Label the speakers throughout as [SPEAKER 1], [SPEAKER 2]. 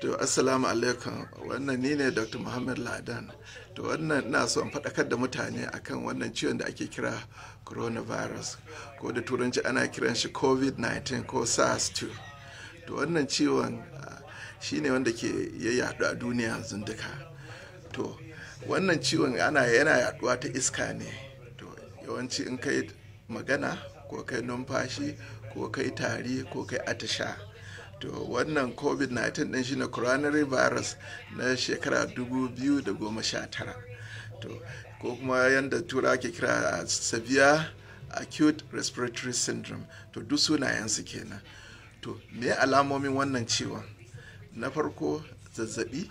[SPEAKER 1] to assalamu alaikum wannan ni ne dr muhammad ladan to wannan ina so in faɗakar da mutane akan wannan ciwon da ake kira coronavirus ko da turanci ana kiran shi covid-19 ko sars-2 to wannan ciwon ah, shine wanda ke ya yaɗu a duniya zun duka to wannan ciwon ana yana yaɗuwa ta iska ne to yawanci in kai magana ko kai numfashi ko kai tari ko kai atisha to wannan covid-19 din shine coronary virus na shekara 2019 to ko kuma yadda tura ke kira a severe acute respiratory syndrome to duk sunayensu kenan to me alamomin wannan ciwon na farko zazzabi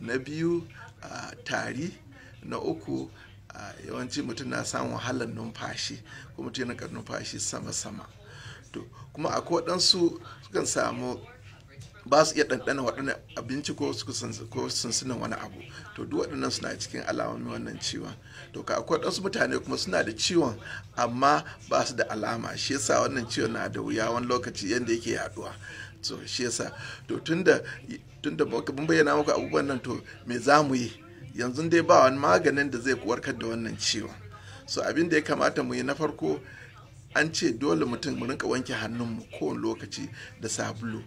[SPEAKER 1] na biyu a tari na uku a yawanci mutum na samun wahalar numfashi kuma mutum yana numfashi sama-sama to kuma akwai waɗansu sukan samu ba su iya ɗanɗana waɗannan abinci ko suna wani abu to duk waɗannan suna cikin alamomin wannan ciwon to ka akwai waɗansu mutane kuma suna da ciwon amma ba su da alama shi yasa wannan ciwon na da wuya wani lokaci yadda yake yaduwa so shi yasa to tunda tunda mun bayyana muku abubuwan nan to me za mu yi yanzu dai ba wani maganin da zai warkar da wannan ciwon so abin da ya kamata mu yi na farko an ce dole mutum mu rinka wanke hannun mu kowane lokaci da sabulu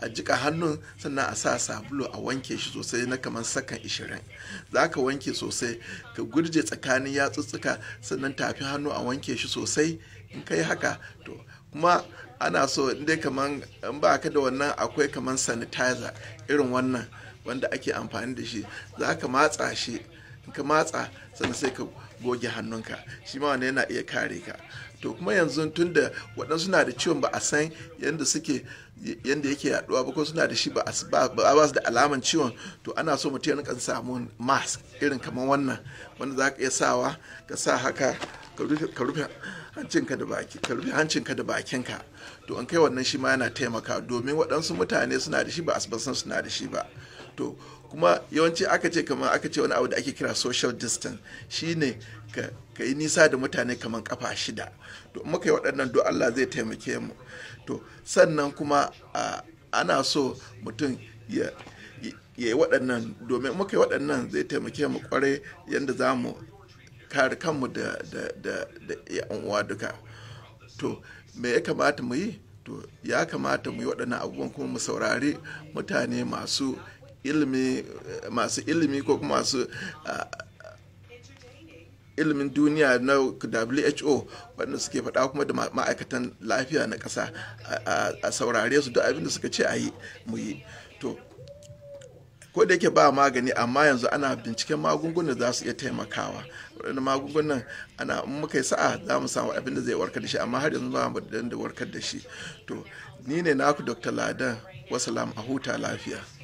[SPEAKER 1] a jika hannun sannan a sa sabulu a wanke shi sosai na kamar sakan 20 za ka wanke sosai ka gurje tsakanin yatsutsuka sannan tafi hannu a wanke shi sosai in ka yi haka to kuma ana so inda kamar in ba ka da wannan akwai kamar sanitizer irin wannan wanda ake amfani da shi za ka matsa shi ka matsa sannan sai ka goge hannunka shi ma wannan yana iya kare ka to kuma yanzu tun da waɗansu na da ciwon ba a san yadda suke yadda yake yaduwa ba ko suna da shi ba ba su da alaman ciwon to ana so mutum ya samu mask irin kamar wannan wanda za ka iya sawa ka sa haka ka rufe hancinka da baki ka rufe hancinka da bakinka to an kai wannan shi ma yana taimaka domin waɗansu mutane suna da shi ba a san suna da shi ba to kuma yawanci aka ce kamar aka ce wani abu da ake kira social distance shine ka, ka yi nisa da mutane kamar kafa shida to muka yi waɗannan do Allah zai taimake mu to sannan kuma ana so mutum ya yi waɗannan domin muka yi waɗannan zai taimake mu kwarai yadda za mu kare kanmu da da da da uwa duka to me ya kamata mu yi to ya kamata mu yi waɗannan abubuwan kuma mu saurari mutane masu ilimi masu ilimi ko kuma masu ah, ilimin duniya na who wanda suke faɗa kuma da ma'aikatan lafiya na ƙasa a saurare su duk abinda suka ce a yi mu yi to ko da yake ba magani amma yanzu ana binciken magungunan za su iya taimakawa waɗanda magungunan ana in muka yi sa'a za mu samu abin da zai warkar da shi amma har yanzu ba mu da warkar da shi to ni ne naku dr ladan wasalam a huta lafiya